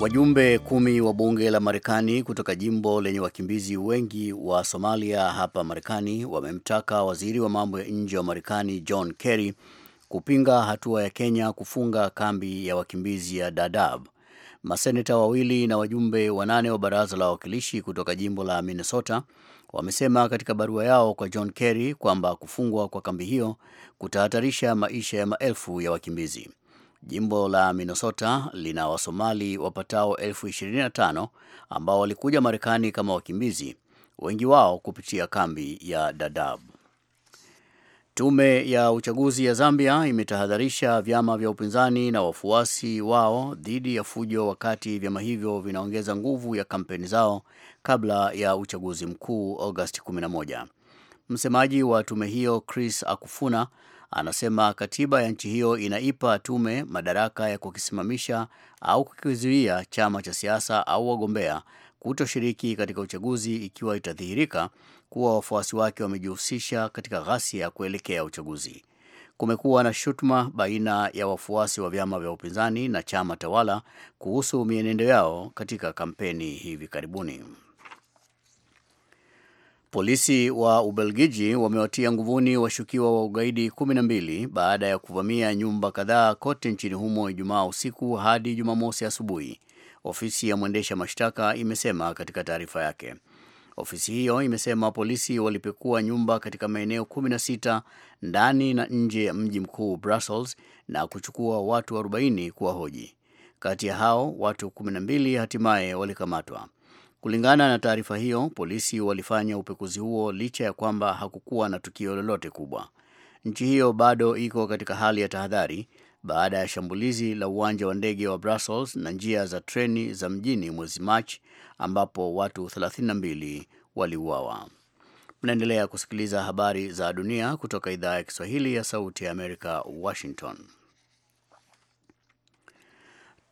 Wajumbe kumi wa bunge la Marekani kutoka jimbo lenye wakimbizi wengi wa Somalia hapa Marekani wamemtaka waziri wa mambo ya nje wa Marekani John Kerry kupinga hatua ya Kenya kufunga kambi ya wakimbizi ya Dadaab. Maseneta wawili na wajumbe wanane wa baraza la wawakilishi kutoka jimbo la Minnesota wamesema katika barua yao kwa John Kerry kwamba kufungwa kwa kambi hiyo kutahatarisha maisha ya maelfu ya wakimbizi. Jimbo la Minnesota lina Wasomali wapatao elfu 25 ambao walikuja Marekani kama wakimbizi, wengi wao kupitia kambi ya Dadaab. Tume ya uchaguzi ya Zambia imetahadharisha vyama vya upinzani na wafuasi wao dhidi ya fujo, wakati vyama hivyo vinaongeza nguvu ya kampeni zao kabla ya uchaguzi mkuu Agosti 11. Msemaji wa tume hiyo Chris Akufuna Anasema katiba ya nchi hiyo inaipa tume madaraka ya kukisimamisha au kukizuia chama cha siasa au wagombea kutoshiriki katika uchaguzi ikiwa itadhihirika kuwa wafuasi wake wamejihusisha katika ghasia kuelekea uchaguzi. Kumekuwa na shutuma baina ya wafuasi wa vyama vya upinzani na chama tawala kuhusu mienendo yao katika kampeni hivi karibuni. Polisi wa Ubelgiji wamewatia nguvuni washukiwa wa ugaidi 12 baada ya kuvamia nyumba kadhaa kote nchini humo Ijumaa usiku hadi Jumamosi asubuhi, ofisi ya mwendesha mashtaka imesema katika taarifa yake. Ofisi hiyo imesema polisi walipekua nyumba katika maeneo 16 ndani na nje ya mji mkuu Brussels na kuchukua watu 40 kuwahoji. Kati ya hao watu 12 hatimaye walikamatwa. Kulingana na taarifa hiyo, polisi walifanya upekuzi huo licha ya kwamba hakukuwa na tukio lolote kubwa. Nchi hiyo bado iko katika hali ya tahadhari baada ya shambulizi la uwanja wa ndege wa Brussels na njia za treni za mjini mwezi Machi ambapo watu 32 waliuawa. Mnaendelea kusikiliza habari za dunia kutoka idhaa ya Kiswahili ya Sauti ya Amerika, Washington.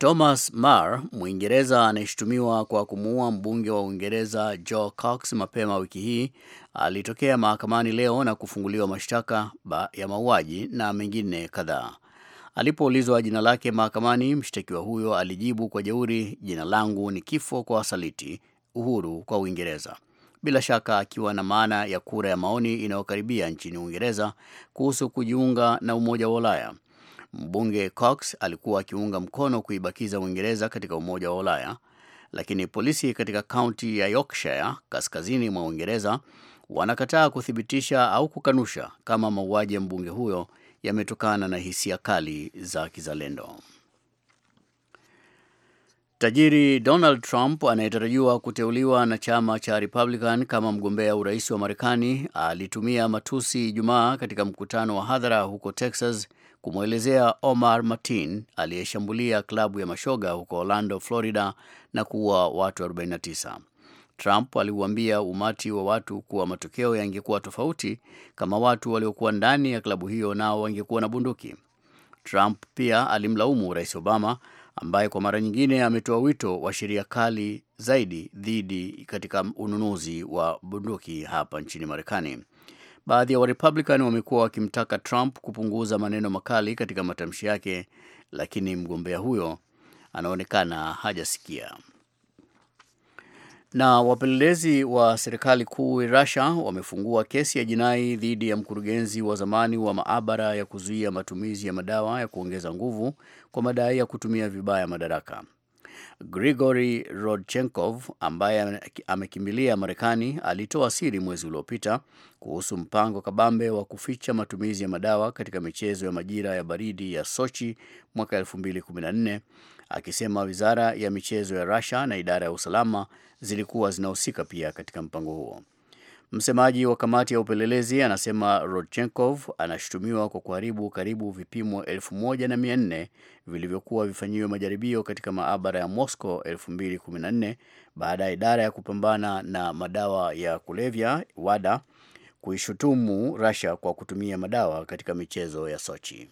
Thomas Marr, Mwingereza anayeshutumiwa kwa kumuua mbunge wa Uingereza Joe Cox mapema wiki hii, alitokea mahakamani leo na kufunguliwa mashtaka ya mauaji na mengine kadhaa. Alipoulizwa jina lake mahakamani, mshtakiwa huyo alijibu kwa jeuri, jina langu ni kifo kwa wasaliti, uhuru kwa Uingereza, bila shaka akiwa na maana ya kura ya maoni inayokaribia nchini Uingereza kuhusu kujiunga na Umoja wa Ulaya Mbunge Cox alikuwa akiunga mkono kuibakiza Uingereza katika Umoja wa Ulaya, lakini polisi katika kaunti ya Yorkshire kaskazini mwa Uingereza wanakataa kuthibitisha au kukanusha kama mauaji ya mbunge huyo yametokana na hisia kali za kizalendo. Tajiri Donald Trump anayetarajiwa kuteuliwa na chama cha Republican kama mgombea urais wa Marekani alitumia matusi Ijumaa katika mkutano wa hadhara huko Texas kumwelezea Omar Martin aliyeshambulia klabu ya mashoga huko Orlando, Florida na kuua watu 49. Trump aliuambia umati wa watu kuwa matokeo yangekuwa tofauti kama watu waliokuwa ndani ya klabu hiyo nao wangekuwa na bunduki. Trump pia alimlaumu Rais Obama ambaye kwa mara nyingine ametoa wito wa sheria kali zaidi dhidi katika ununuzi wa bunduki hapa nchini Marekani. Baadhi ya Warepublican wamekuwa wakimtaka Trump kupunguza maneno makali katika matamshi yake, lakini mgombea huyo anaonekana hajasikia. Na wapelelezi wa serikali kuu ya Russia wamefungua kesi ya jinai dhidi ya mkurugenzi wa zamani wa maabara ya kuzuia matumizi ya madawa ya kuongeza nguvu kwa madai ya kutumia vibaya madaraka. Grigori Rodchenkov ambaye amekimbilia Marekani alitoa siri mwezi uliopita kuhusu mpango kabambe wa kuficha matumizi ya madawa katika michezo ya majira ya baridi ya Sochi mwaka 2014 akisema wizara ya michezo ya Russia na idara ya usalama zilikuwa zinahusika pia katika mpango huo. Msemaji wa kamati ya upelelezi anasema Rodchenkov anashutumiwa kwa kuharibu karibu vipimo 1400 vilivyokuwa vifanyiwe majaribio katika maabara ya Moscow 2014 baada ya idara ya kupambana na madawa ya kulevya WADA kuishutumu Russia kwa kutumia madawa katika michezo ya Sochi.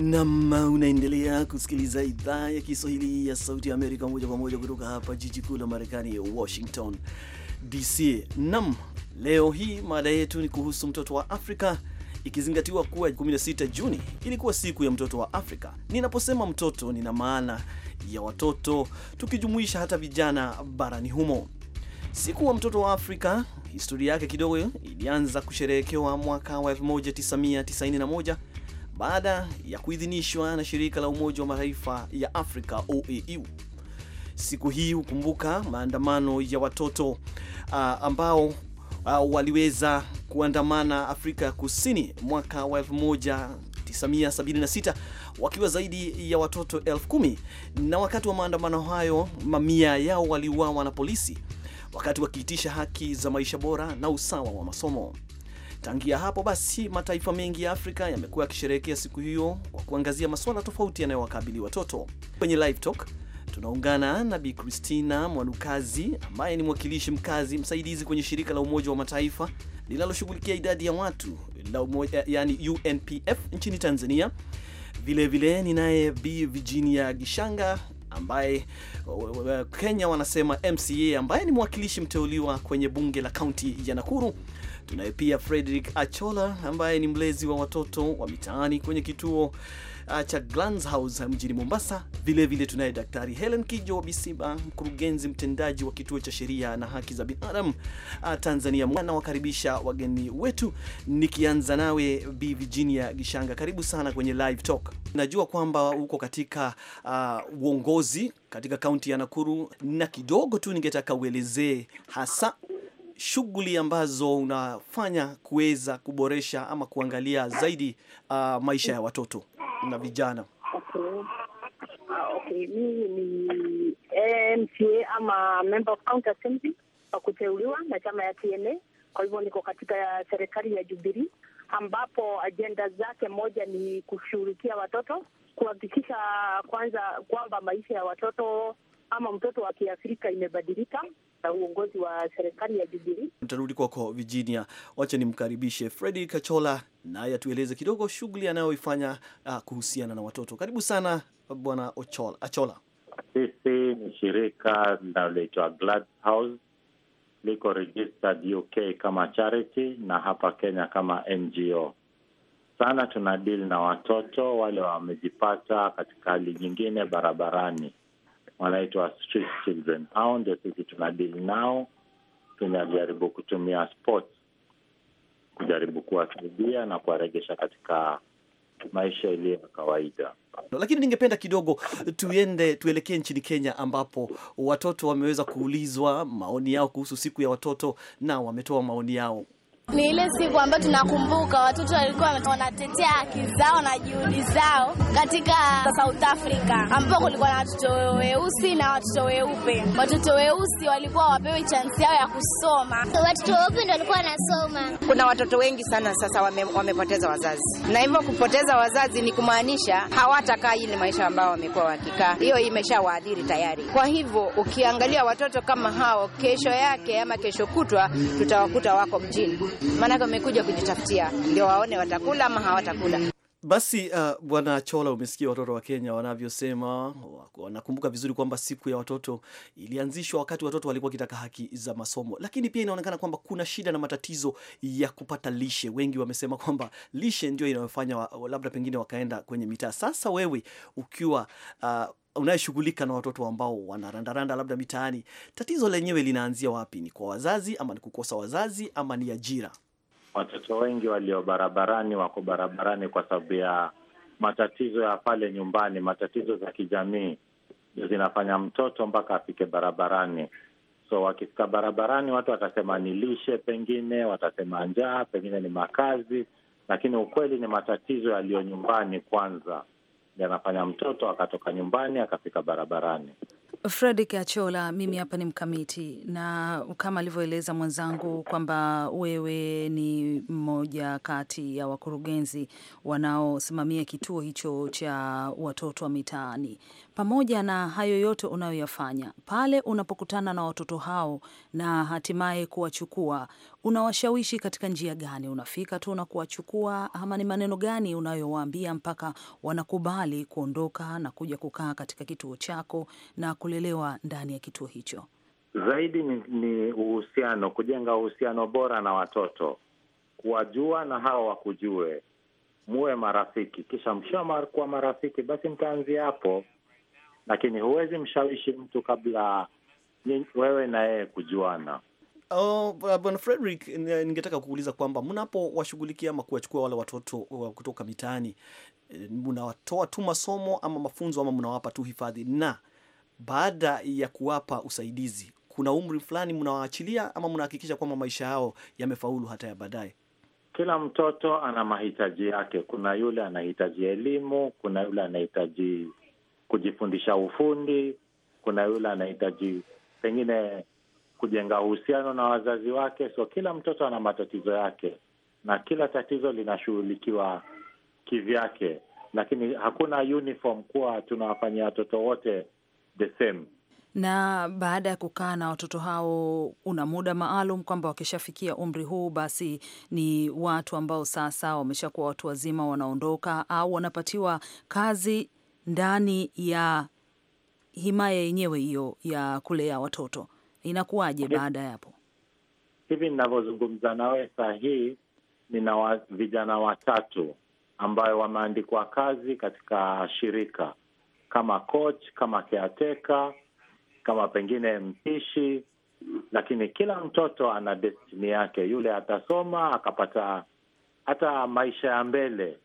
Nam, unaendelea kusikiliza idhaa ya Kiswahili ya Sauti ya Amerika moja kwa moja kutoka hapa jiji kuu la Marekani, Washington DC. Nam, leo hii mada yetu ni kuhusu mtoto wa Afrika, ikizingatiwa kuwa 16 Juni ilikuwa siku ya mtoto wa Afrika. Ninaposema mtoto, nina maana ya watoto, tukijumuisha hata vijana barani humo. Siku wa mtoto wa Afrika, historia yake kidogo, ilianza kusherehekewa mwaka wa 1991 baada ya kuidhinishwa na shirika la Umoja wa Mataifa ya Afrika OAU. E Siku hii hukumbuka maandamano ya watoto uh, ambao uh, waliweza kuandamana Afrika ya Kusini mwaka wa 1976 wakiwa zaidi ya watoto elfu kumi na wakati wa maandamano hayo mamia yao waliuawa na polisi wakati wakiitisha haki za maisha bora na usawa wa masomo. Tangia hapo basi, mataifa mengi ya Afrika yamekuwa yakisherehekea siku hiyo kwa kuangazia masuala tofauti yanayowakabili watoto. Kwenye Live Talk tunaungana na Bi Christina Mwanukazi ambaye ni mwakilishi mkazi msaidizi kwenye shirika la Umoja wa Mataifa linaloshughulikia idadi ya watu la umoja, yani UNPF nchini Tanzania. Vilevile ninaye Bi Virginia Gishanga ambaye Kenya wanasema MCA ambaye ni mwakilishi mteuliwa kwenye bunge la kaunti ya Nakuru Tunaye pia Frederick Achola ambaye ni mlezi wa watoto wa mitaani kwenye kituo ah, cha Glans House mjini Mombasa. Vilevile tunaye Daktari Helen Kijo wa mkurugenzi mtendaji wa kituo cha sheria na haki za binadamu ah, Tanzania. Mwana wakaribisha wageni wetu, nikianza nawe Bi Virginia Gishanga, karibu sana kwenye Live Talk. Najua kwamba uko katika uh, uongozi katika kaunti ya Nakuru na kidogo tu ningetaka uelezee hasa shughuli ambazo unafanya kuweza kuboresha ama kuangalia zaidi uh, maisha ya watoto na vijana? Uh, MCA ama member of county assembly kwa kuteuliwa na chama ya TNA. Kwa hivyo niko katika serikali ya Jubilee ambapo ajenda zake moja ni kushughulikia watoto, kuhakikisha kwanza kwamba maisha ya watoto ama mtoto wa Kiafrika imebadilika na uongozi wa serikali ya Jubilee. Nitarudi kwako Virginia, wacha nimkaribishe Fredi Kachola naye atueleze kidogo shughuli anayoifanya uh, kuhusiana na watoto. Karibu sana bwana Achola. Sisi ni shirika linaloitwa Glad House, liko registered UK kama charity na hapa Kenya kama NGO. Sana tuna deal na watoto wale wamejipata katika hali nyingine barabarani wanaitwa street children. Hao ndio sisi tunadili nao, tunajaribu kutumia sports kujaribu kuwasaidia na kuwaregesha katika maisha iliyo ya kawaida. Lakini ningependa kidogo tuende tuelekee nchini Kenya, ambapo watoto wameweza kuulizwa maoni yao kuhusu siku ya watoto na wametoa maoni yao. Ni ile siku ambayo tunakumbuka watoto walikuwa wanatetea haki zao na juhudi zao katika South Africa, ambapo kulikuwa na watoto weusi na watoto weupe. Watoto weusi walikuwa wapewe chansi yao ya kusoma, watoto weupe ndio walikuwa wanasoma. Kuna watoto wengi sana sasa wame, wamepoteza wazazi, na hivyo kupoteza wazazi ni kumaanisha hawatakaa ile maisha ambayo wamekuwa wakikaa, hiyo imeshawaadhiri tayari. Kwa hivyo ukiangalia watoto kama hao, kesho yake ama kesho kutwa tutawakuta wako mjini maanake wamekuja kujitafutia, ndio waone watakula ama hawatakula. Basi uh, bwana Chola, umesikia watoto wa Kenya wanavyosema. Wanakumbuka vizuri kwamba siku ya watoto ilianzishwa wakati watoto walikuwa kitaka haki za masomo, lakini pia inaonekana kwamba kuna shida na matatizo ya kupata lishe. Wengi wamesema kwamba lishe ndio inayofanya wa, labda pengine wakaenda kwenye mitaa. Sasa wewe ukiwa uh, unayeshughulika na watoto ambao wanarandaranda labda mitaani, tatizo lenyewe linaanzia wapi? Ni kwa wazazi ama ni kukosa wazazi ama ni ajira? Watoto wengi walio barabarani wako barabarani kwa sababu ya matatizo ya pale nyumbani, matatizo za kijamii zinafanya mtoto mpaka afike barabarani. So wakifika barabarani, watu watasema ni lishe, pengine watasema njaa, pengine ni makazi, lakini ukweli ni matatizo yaliyo nyumbani kwanza anafanya mtoto akatoka nyumbani akafika barabarani. Fredi Achola, mimi hapa ni mkamiti, na kama alivyoeleza mwenzangu kwamba wewe ni mmoja kati ya wakurugenzi wanaosimamia kituo hicho cha watoto wa mitaani. Pamoja na hayo yote unayoyafanya pale, unapokutana na watoto hao na hatimaye kuwachukua, unawashawishi katika njia gani? Unafika tu na kuwachukua, ama ni maneno gani unayowaambia mpaka wanakubali kuondoka na kuja kukaa katika kituo chako na kulelewa ndani ya kituo hicho? Zaidi ni, ni uhusiano, kujenga uhusiano bora na watoto, kuwajua na hawa wakujue, muwe marafiki, kisha mshamar kuwa marafiki, basi mtaanzia hapo, lakini huwezi mshawishi mtu kabla wewe na yeye kujuana. Oh, uh, Bwana Frederick, ningetaka kuuliza kwamba mnapowashughulikia ama kuwachukua wale watoto uh, kutoka mitaani, eh, mnawatoa tu masomo ama mafunzo ama mnawapa tu hifadhi, na baada ya kuwapa usaidizi, kuna umri fulani mnawaachilia ama mnahakikisha kwamba maisha yao yamefaulu hata ya baadaye? Kila mtoto ana mahitaji yake. Kuna yule anahitaji elimu, kuna yule anahitaji kujifundisha ufundi, kuna yule anahitaji pengine kujenga uhusiano na wazazi wake. So kila mtoto ana matatizo yake na kila tatizo linashughulikiwa kivyake, lakini hakuna uniform kuwa tunawafanyia watoto wote the same. Na baada ya kukaa na watoto hao, una muda maalum kwamba wakishafikia umri huu, basi ni watu ambao sasa wameshakuwa watu wazima, wanaondoka au wanapatiwa kazi ndani ya himaya yenyewe hiyo ya kulea watoto. Inakuwaje baada ya hapo? Hivi ninavyozungumza nawe saa hii nina wa, vijana watatu ambayo wameandikwa kazi katika shirika kama coach, kama caretaker, kama pengine mpishi, lakini kila mtoto ana destini yake. Yule atasoma akapata hata maisha ya mbele.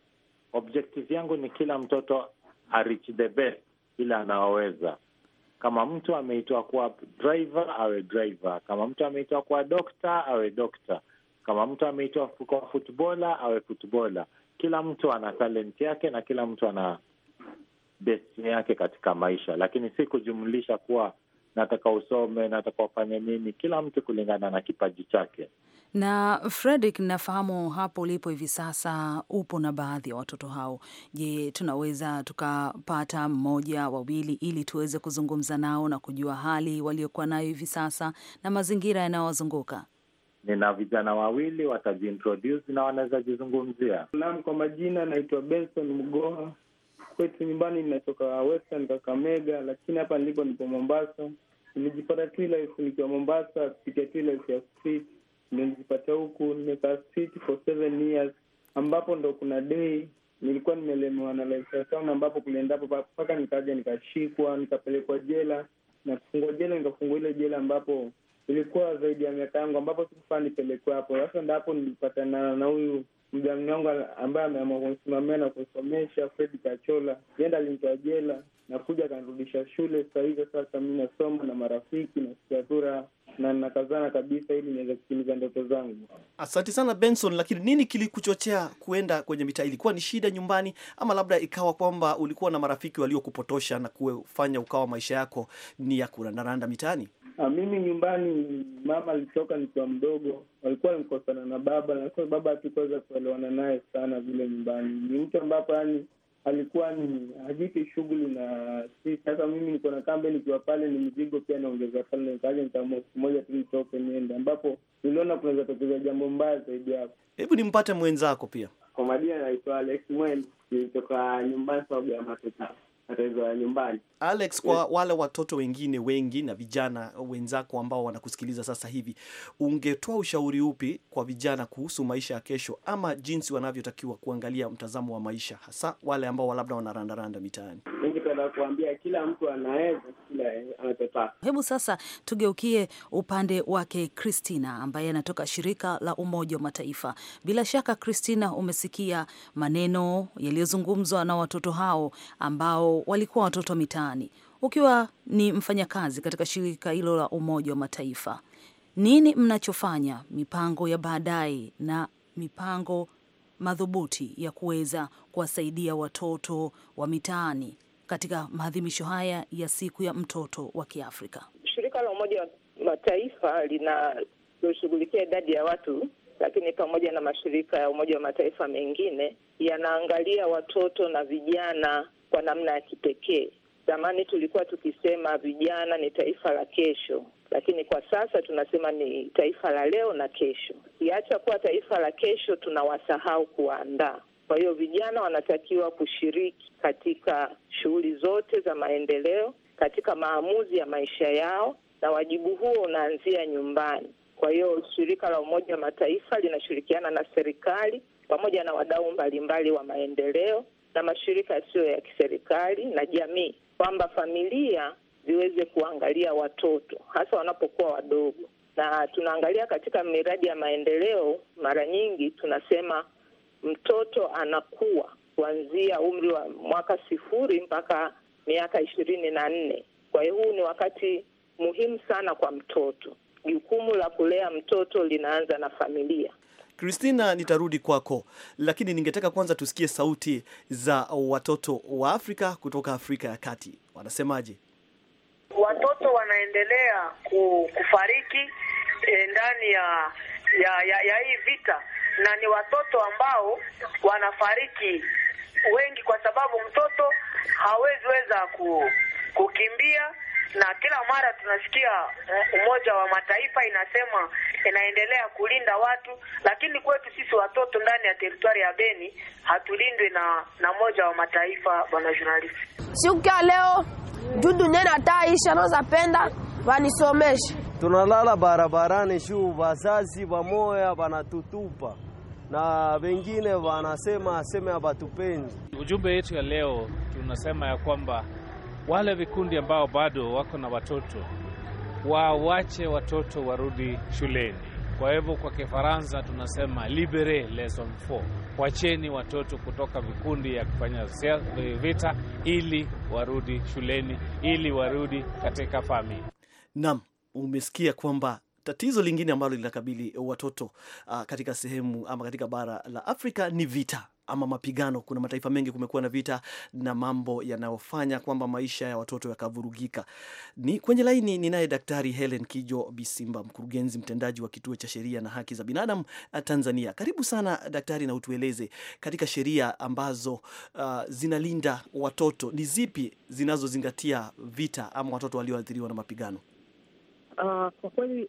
Objective yangu ni kila mtoto a reach the best, ile anaoweza kama mtu ameitwa kuwa driver awe driver, kama mtu ameitwa kuwa dokta awe dokta, kama mtu ameitwa kuwa futbola awe futbola. Kila mtu ana talent yake na kila mtu ana destiny yake katika maisha, lakini si kujumlisha kuwa nataka usome, nataka ufanye nini. Kila mtu kulingana na kipaji chake. Na Fredrick, nafahamu hapo ulipo hivi sasa upo na baadhi ya watoto hao. Je, tunaweza tukapata mmoja wawili, ili tuweze kuzungumza nao na kujua hali waliokuwa nayo hivi sasa na mazingira yanayowazunguka? Nina vijana wawili watajiintroduce na wanaweza jizungumzia. Naam, kwa majina naitwa Benson Mgoha. Kwetu nyumbani inatoka Western Kakamega, lakini hapa nilipo nipo Mombasa. imejipata tu nikiwa Mombasa kupitia tu ya street nimejipatia huku, nimekaa city for seven years, ambapo ndo kuna dei nilikuwa nimelemewa na lifestyle ambapo kuliendapo mpaka nikaja nikashikwa, nikapelekwa jela na kufungua jela, nikafungua ile jela ambapo ilikuwa zaidi ya miaka yangu, ambapo sikufaa nipelekwe hapo. Sasa ndapo nilipatana na huyu mjamni wangu ambaye ameamua kunisimamia na kusomesha Fredi Kachola, yenda alinitoa jela na kuja akanirudisha shule. Saa sasa mi nasoma na marafiki na sikiatura na nakazana kabisa ili niweze kutimiza ndoto zangu. Asante sana Benson. Lakini nini kilikuchochea kuenda kwenye mitaa? Ilikuwa ni shida nyumbani, ama labda ikawa kwamba ulikuwa na marafiki waliokupotosha na kufanya ukawa maisha yako ni ya kurandaranda mitaani? Ah, mimi nyumbani mama alitoka nikiwa mdogo, walikuwa wamekosana na baba, kwa baba hatukuweza kuelewana naye sana vile nyumbani. Ni mtu ambapo yani alikuwa ni hajipi shughuli na si. Sasa mimi niko na kambe, nikiwa pale ni mzigo pia naongeza pale, nikaja nikaamua siku moja tu nitoke niende, ambapo niliona kunaweza tokeza jambo mbaya zaidi hapo. Hebu nimpate mwenzako pia. Kwa madia, naitwa Alex Mwen, nilitoka nyumbani sababu ya mateka matatizo ya nyumbani. Alex, kwa yes, wale watoto wengine wengi na vijana wenzako ambao wanakusikiliza sasa hivi, ungetoa ushauri upi kwa vijana kuhusu maisha ya kesho ama jinsi wanavyotakiwa kuangalia mtazamo wa maisha, hasa wale ambao labda wanarandaranda mitaani? kuambia kila mtu anaweza kila anachotaka. Hebu sasa tugeukie upande wake Christina ambaye anatoka shirika la Umoja wa Mataifa. Bila shaka, Christina, umesikia maneno yaliyozungumzwa na watoto hao ambao walikuwa watoto mitaani. Ukiwa ni mfanyakazi katika shirika hilo la Umoja wa Mataifa, nini mnachofanya, mipango ya baadaye na mipango madhubuti ya kuweza kuwasaidia watoto wa mitaani katika maadhimisho haya ya siku ya mtoto wa Kiafrika. Shirika la Umoja wa Mataifa linaloshughulikia idadi ya watu lakini pamoja na mashirika ya Umoja wa Mataifa mengine yanaangalia watoto na vijana kwa namna ya kipekee. Zamani tulikuwa tukisema vijana ni taifa la kesho, lakini kwa sasa tunasema ni taifa la leo na kesho. Kiacha kuwa taifa la kesho, tunawasahau kuwaandaa kwa hiyo vijana wanatakiwa kushiriki katika shughuli zote za maendeleo, katika maamuzi ya maisha yao, na wajibu huo unaanzia nyumbani. Kwa hiyo shirika la Umoja wa Mataifa linashirikiana na serikali pamoja na wadau mbalimbali wa maendeleo na mashirika yasiyo ya kiserikali na jamii, kwamba familia ziweze kuangalia watoto hasa wanapokuwa wadogo. Na tunaangalia katika miradi ya maendeleo, mara nyingi tunasema mtoto anakuwa kuanzia umri wa mwaka sifuri mpaka miaka ishirini na nne. Kwa hiyo huu ni wakati muhimu sana kwa mtoto. Jukumu la kulea mtoto linaanza na familia. Kristina, nitarudi kwako, lakini ningetaka kwanza tusikie sauti za watoto wa Afrika kutoka Afrika ya Kati. Wanasemaje? Watoto wanaendelea kufariki eh, ndani ya ya, ya ya hii vita na ni watoto ambao wanafariki wengi, kwa sababu mtoto hawezi weza ku, kukimbia na kila mara tunasikia Umoja wa Mataifa inasema inaendelea kulinda watu, lakini kwetu sisi watoto ndani ya teritwari ya Beni hatulindwi na na Umoja wa Mataifa. Bwana journalist, siku ya leo juu nena taisha naweza penda wanisomeshe tunalala barabarani juu wazazi wamoya wanatutupa na wengine wanasema aseme abatupendi. Ujumbe yetu ya leo tunasema ya kwamba wale vikundi ambao bado wako na watoto waache watoto warudi shuleni. Kwa hivyo kwa Kifaransa tunasema libere les enfants, wacheni watoto kutoka vikundi ya kufanya vita, ili warudi shuleni, ili warudi katika familia. Naam umesikia kwamba tatizo lingine ambalo linakabili watoto uh, katika sehemu ama katika bara la Afrika ni vita ama mapigano. Kuna mataifa mengi kumekuwa na vita na mambo yanayofanya kwamba maisha ya watoto yakavurugika. Ni kwenye laini ninaye Daktari Helen Kijo Bisimba, mkurugenzi mtendaji wa Kituo cha Sheria na Haki za Binadamu ah, Tanzania. Karibu sana daktari, na utueleze katika sheria ambazo uh, zinalinda watoto ni zipi zinazozingatia vita ama watoto walioathiriwa na mapigano? Ah, kwa kweli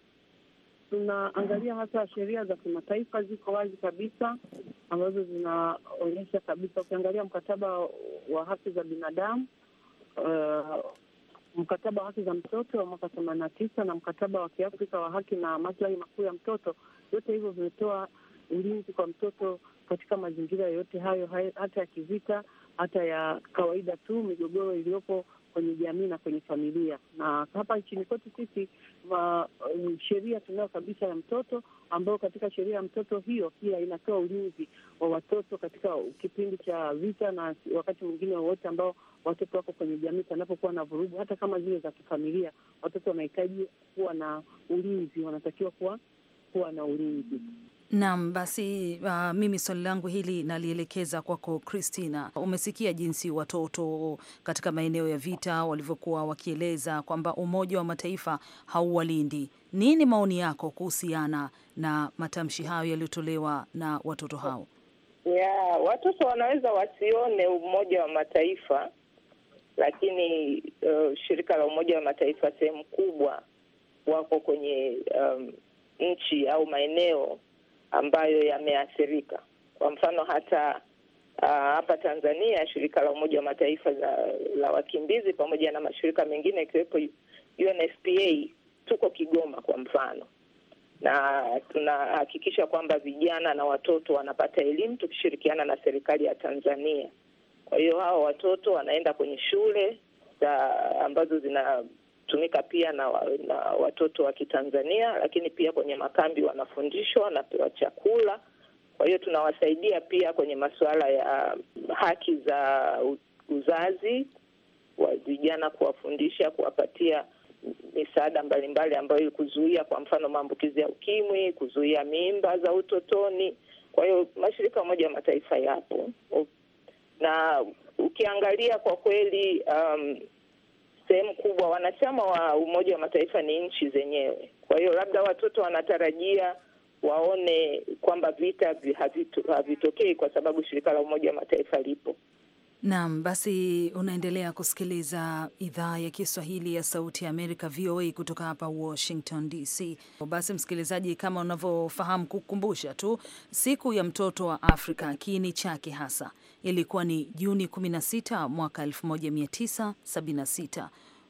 tunaangalia hasa sheria za kimataifa ziko wazi kabisa, ambazo zinaonyesha kabisa. Ukiangalia mkataba wa haki za binadamu uh, mkataba wa haki za mtoto wa mwaka themanini na tisa na mkataba wa Kiafrika wa haki na maslahi makuu ya mtoto, vyote hivyo vimetoa ulinzi kwa mtoto katika mazingira yoyote hayo, hata ya kivita, hata ya kawaida tu, migogoro iliyopo kwenye jamii na kwenye familia. Na hapa nchini kwetu sisi um, sheria tunayo kabisa ya mtoto, ambayo katika sheria ya mtoto hiyo pia inatoa ulinzi wa watoto katika kipindi cha vita na wakati mwingine wowote ambao watoto wako kwenye jamii panapokuwa na vurugu, hata kama zile za kifamilia. Watoto wanahitaji kuwa na ulinzi, wanatakiwa kuwa kuwa na ulinzi. Naam, basi uh, mimi swali langu hili nalielekeza kwako Christina. Umesikia jinsi watoto katika maeneo ya vita walivyokuwa wakieleza kwamba Umoja wa Mataifa hauwalindi. Nini maoni yako kuhusiana na matamshi hayo yaliyotolewa na watoto hao? Yeah, watoto wanaweza wasione Umoja wa Mataifa, lakini uh, shirika la Umoja wa Mataifa sehemu kubwa wako kwenye um, nchi au maeneo ambayo yameathirika. Kwa mfano hata uh, hapa Tanzania shirika la Umoja wa Mataifa za, la wakimbizi pamoja na mashirika mengine ikiwepo UNFPA tuko Kigoma kwa mfano, na tunahakikisha kwamba vijana na watoto wanapata elimu tukishirikiana na serikali ya Tanzania. Kwa hiyo hawa watoto wanaenda kwenye shule za ambazo zina tumika pia na, wa, na watoto wa Kitanzania, lakini pia kwenye makambi wanafundishwa, wanapewa chakula. Kwa hiyo tunawasaidia pia kwenye masuala ya haki za uzazi wa vijana, kuwafundisha, kuwapatia misaada mbalimbali ambayo kuzuia kwa mfano maambukizi ya ukimwi, kuzuia mimba za utotoni. Kwa hiyo mashirika ya Umoja wa Mataifa yapo na ukiangalia kwa kweli um, sehemu kubwa wanachama wa Umoja wa Mataifa ni nchi zenyewe. Kwa hiyo labda watoto wanatarajia waone kwamba vita havitokei kwa sababu shirika la Umoja wa Mataifa lipo. Naam, basi unaendelea kusikiliza idhaa ya Kiswahili ya Sauti ya Amerika, VOA, kutoka hapa Washington DC. Basi msikilizaji, kama unavyofahamu, kukumbusha tu siku ya mtoto wa Afrika, kiini chake hasa ilikuwa ni Juni 16 mwaka 1976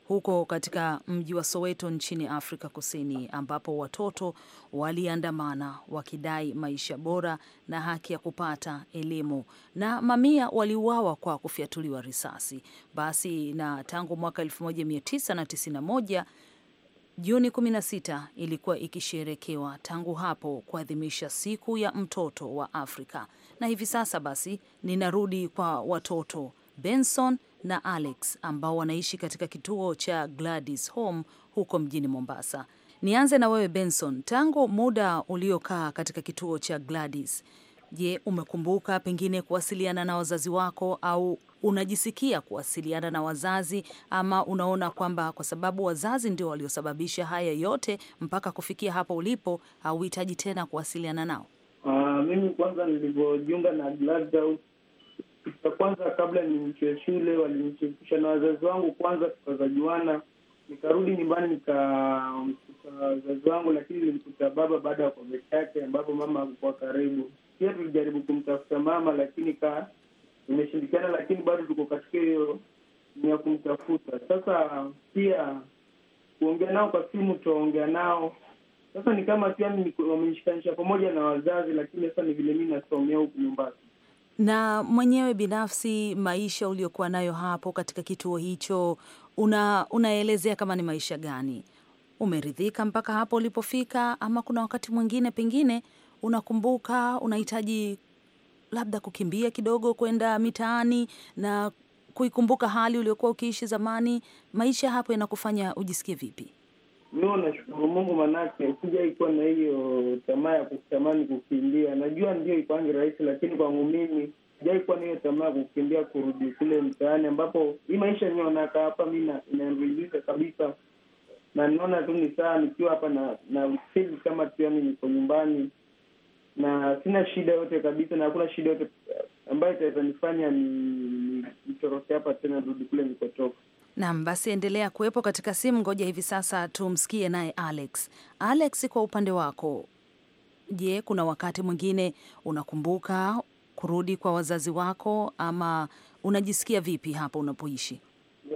huko katika mji wa Soweto nchini Afrika Kusini, ambapo watoto waliandamana wakidai maisha bora na haki ya kupata elimu, na mamia waliuawa kwa kufyatuliwa risasi. Basi na tangu mwaka 1991 Juni 16 ilikuwa ikisherekewa tangu hapo kuadhimisha siku ya mtoto wa Afrika. Na hivi sasa basi ninarudi kwa watoto Benson na Alex ambao wanaishi katika kituo cha Gladys Home huko mjini Mombasa. Nianze na wewe Benson, tangu muda uliokaa katika kituo cha Gladys, je, umekumbuka pengine kuwasiliana na wazazi wako au unajisikia kuwasiliana na wazazi ama unaona kwamba kwa sababu wazazi ndio waliosababisha haya yote mpaka kufikia hapa ulipo, hauhitaji tena kuwasiliana nao? Uh, mimi kwanza nilivyojiunga na Gladys kitu kwanza kabla niichwe shule, walinichepusha na wazazi wangu kwanza, tukazajuana. Nikarudi nyumbani nikamkuta wazazi wangu, lakini nilimkuta baba baada ya kuaveshi yake, ambapo mama hakukuwa karibu. Pia tulijaribu kumtafuta mama, lakini ka imeshindikana, lakini bado tuko katika hiyo ya kumtafuta. Sasa pia kuongea nao kwa simu, tutaongea nao sasa. Ni kama pia wamenishikanisha pamoja na wazazi, lakini sasa ni vile mi nasomea huku nyumbani. Na mwenyewe binafsi, maisha uliokuwa nayo hapo katika kituo hicho, una unaelezea kama ni maisha gani? Umeridhika mpaka hapo ulipofika, ama kuna wakati mwingine pengine unakumbuka unahitaji labda kukimbia kidogo kwenda mitaani na kuikumbuka hali uliokuwa ukiishi zamani? Maisha hapo yanakufanya ujisikie vipi? mi nashukuru Mungu, manake sijaikuwa na hiyo tamaa ya kutamani kukimbia. Najua ndio ikwangi rahisi, lakini kwangu mimi kuwa na hiyo tamaa ya kukimbia kurudi kule mtaani, ambapo hii maisha nionaka hapa mi inaridhisha kabisa, na naona tu ni saa nikiwa hapa na na feel kama tu yani niko nyumbani na sina shida yote kabisa, na hakuna shida yote ambayo itaweza nifanya nitoroke hapa tena rudi kule nikotoka. Nam, basi endelea kuwepo katika simu. Ngoja hivi sasa tumsikie naye Alex. Alex, kwa upande wako, je, kuna wakati mwingine unakumbuka kurudi kwa wazazi wako ama unajisikia vipi hapa unapoishi?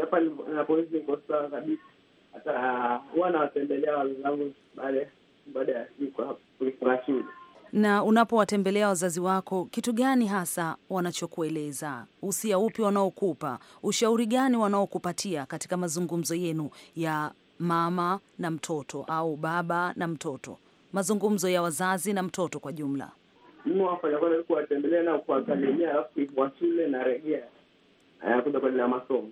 Hapa napoishi niko sawa kabisa, hata uh, huwa nawatembelea wazazi wangu baada ya siku kuifura shule na unapowatembelea wazazi wako, kitu gani hasa wanachokueleza? Usia upi wanaokupa? Ushauri gani wanaokupatia katika mazungumzo yenu ya mama na mtoto au baba na mtoto, mazungumzo ya wazazi na mtoto kwa jumla? Mimi wafanya kwanza kuwatembelea na kuwasalimia, alafu ikiwa shule narejea anakuja kwa ajili ya masomo.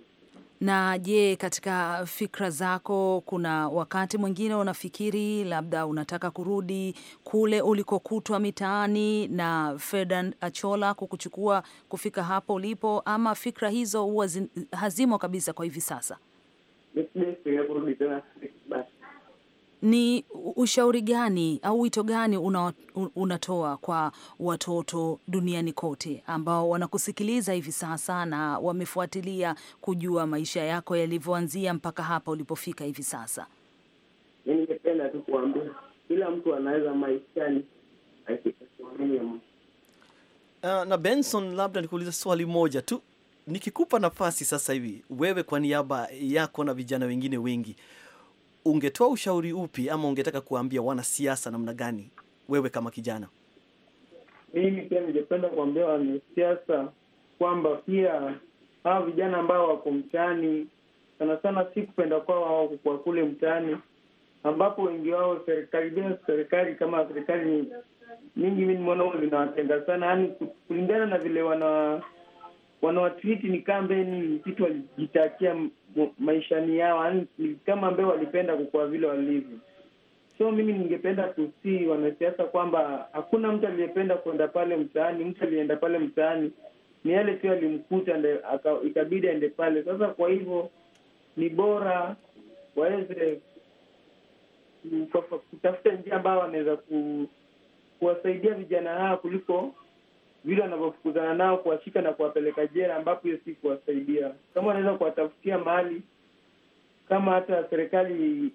Na je, katika fikra zako kuna wakati mwingine unafikiri labda unataka kurudi kule ulikokutwa mitaani na Ferdinand Achola kukuchukua kufika hapo ulipo, ama fikra hizo huwa hazimo kabisa kwa hivi sasa? Kurudi tena ni ushauri gani au wito gani una, unatoa kwa watoto duniani kote ambao wanakusikiliza hivi sasa na wamefuatilia kujua maisha yako yalivyoanzia mpaka hapa ulipofika hivi sasa? Mi ningependa tu kuambia kila mtu anaweza maishani Uh, ah, na Benson, labda nikuuliza swali moja tu, nikikupa nafasi sasa hivi, wewe kwa niaba yako na vijana wengine wengi ungetoa ushauri upi ama ungetaka kuambia wanasiasa namna gani, wewe kama kijana? Mimi pia ningependa kuambia wanasiasa kwamba pia hawa vijana ambao wako mtaani sana sana, si kupenda kwao ao kukua kule mtaani, ambapo wengi wao serikali bila serikali kama serikali nyingi, mi nimeona huo zinawatenga sana, yaani kulingana na vile wana wanawatriti ni kambeni kitu walijitakia maishani yao, yaani ni kama ambayo walipenda kukua vile walivyo. So mimi ningependa kusii wanasiasa kwamba hakuna mtu aliyependa kuenda pale mtaani. Mtu alienda pale mtaani ni yale tu alimkuta, ikabidi aende pale. Sasa kwa hivyo ni bora waweze kutafuta njia ambayo wanaweza ku, kuwasaidia vijana hawa kuliko vile wanavyofukuzana nao, kuwashika na kuwapeleka jela, ambapo hiyo si kuwasaidia. Kama wanaweza kuwatafutia mahali, kama hata serikali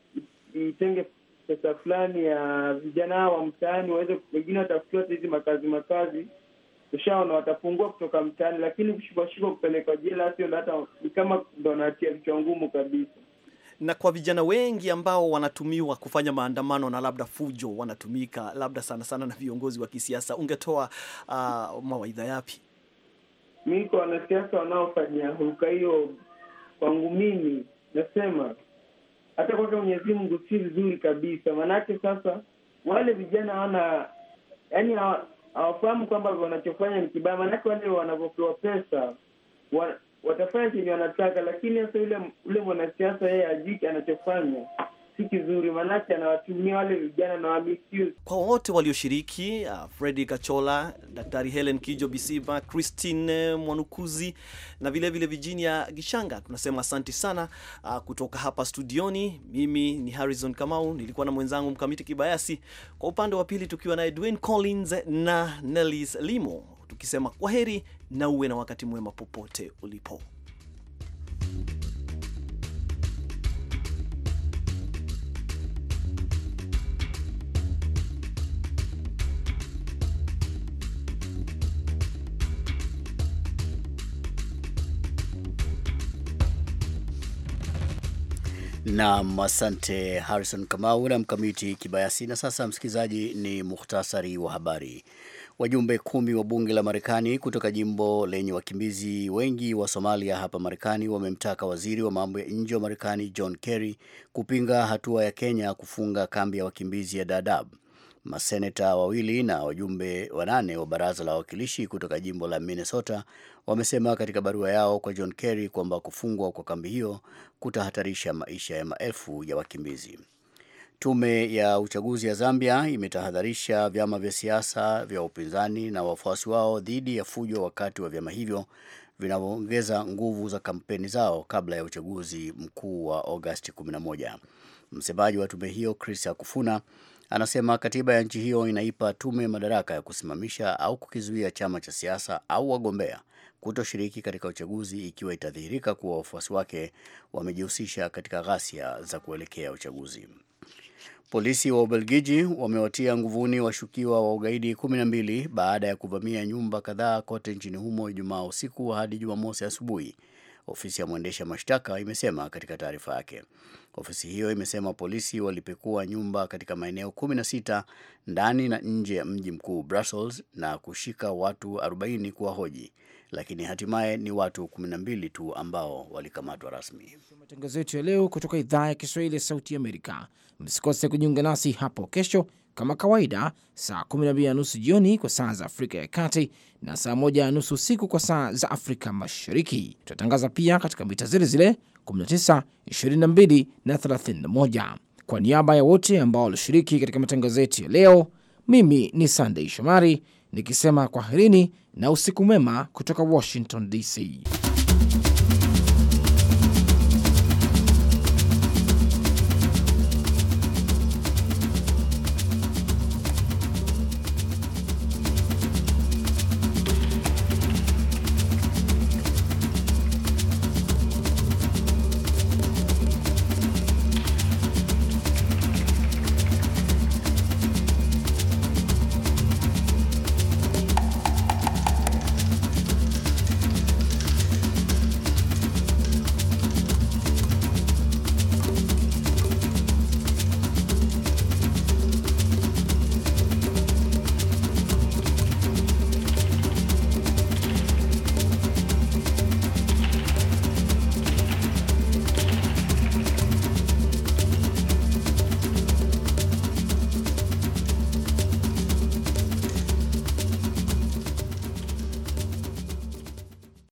itenge pesa fulani ya vijana hao wa mtaani, waweze wengine watafutiwa hata hizi makazi makazi, ushaona watapungua kutoka mtaani, lakini kushikwashikwa kupelekwa jela, sio hata ni kama ndo wanatia vichwa ngumu kabisa na kwa vijana wengi ambao wanatumiwa kufanya maandamano na labda fujo, wanatumika labda sana sana na viongozi wa kisiasa, ungetoa uh, mawaidha yapi? Mi kwa wanasiasa wanaofanya huruka hiyo, kwangu mimi nasema hata kwake Mwenyezi Mungu si vizuri kabisa, maanake sasa wale vijana wana yani hawafahamu kwamba wanachofanya ni kibaya, maanake wale wanavyopewa pesa wa, watafanya chenye wanataka, lakini hasa yule ule mwanasiasa yeye ajiki anachofanya si kizuri, maanake anawatumia wale vijana na wamisuse. Kwa wote walioshiriki, uh, Fredi Kachola, Daktari Helen Kijo bisiva Christine Mwanukuzi na vilevile Virginia Gishanga, tunasema asante sana. Uh, kutoka hapa studioni, mimi ni Harrison Kamau, nilikuwa na mwenzangu Mkamiti Kibayasi, kwa upande wa pili tukiwa naye Dwayne Collins na Nelis Limo tukisema kwa heri na uwe na wakati mwema popote ulipo. Nam, asante Harrison Kamau na Mkamiti Kibayasi. Na sasa, msikilizaji, ni muhtasari wa habari. Wajumbe kumi wa bunge la Marekani kutoka jimbo lenye wakimbizi wengi wa Somalia hapa Marekani wamemtaka waziri wa mambo ya nje wa Marekani John Kerry kupinga hatua ya Kenya kufunga kambi ya wakimbizi ya Dadaab. Maseneta wawili na wajumbe wanane wa baraza la wawakilishi kutoka jimbo la Minnesota wamesema katika barua yao kwa John Kerry kwamba kufungwa kwa kambi hiyo kutahatarisha maisha ya maelfu ya wakimbizi. Tume ya uchaguzi ya Zambia imetahadharisha vyama vya siasa vya upinzani na wafuasi wao dhidi ya fujo wakati wa vyama hivyo vinavyoongeza nguvu za kampeni zao kabla ya uchaguzi mkuu wa Agosti 11. Msemaji wa tume hiyo Chris Akufuna anasema katiba ya nchi hiyo inaipa tume madaraka ya kusimamisha au kukizuia chama cha siasa au wagombea kutoshiriki katika uchaguzi ikiwa itadhihirika kuwa wafuasi wake wamejihusisha katika ghasia za kuelekea uchaguzi. Polisi wa Ubelgiji wamewatia nguvuni washukiwa wa ugaidi 12 baada ya kuvamia nyumba kadhaa kote nchini humo Ijumaa usiku hadi Jumamosi asubuhi, ofisi ya mwendesha mashtaka imesema katika taarifa yake. Ofisi hiyo imesema polisi walipekua nyumba katika maeneo 16 ndani na nje ya mji mkuu Brussels na kushika watu 40 kuwahoji lakini hatimaye ni watu 12 tu ambao walikamatwa rasmi. Matangazo yetu ya leo kutoka idhaa ya Kiswahili ya Sauti Amerika. Msikose kujiunga nasi hapo kesho kama kawaida saa 12 na nusu jioni kwa saa za Afrika ya Kati na saa 1 na nusu usiku kwa saa za Afrika Mashariki. Tutatangaza pia katika mita zile zile 19, 22 na 31. Kwa niaba ya wote ambao walishiriki katika matangazo yetu ya leo, mimi ni Sandei Shomari nikisema kwaherini na usiku mwema kutoka Washington DC.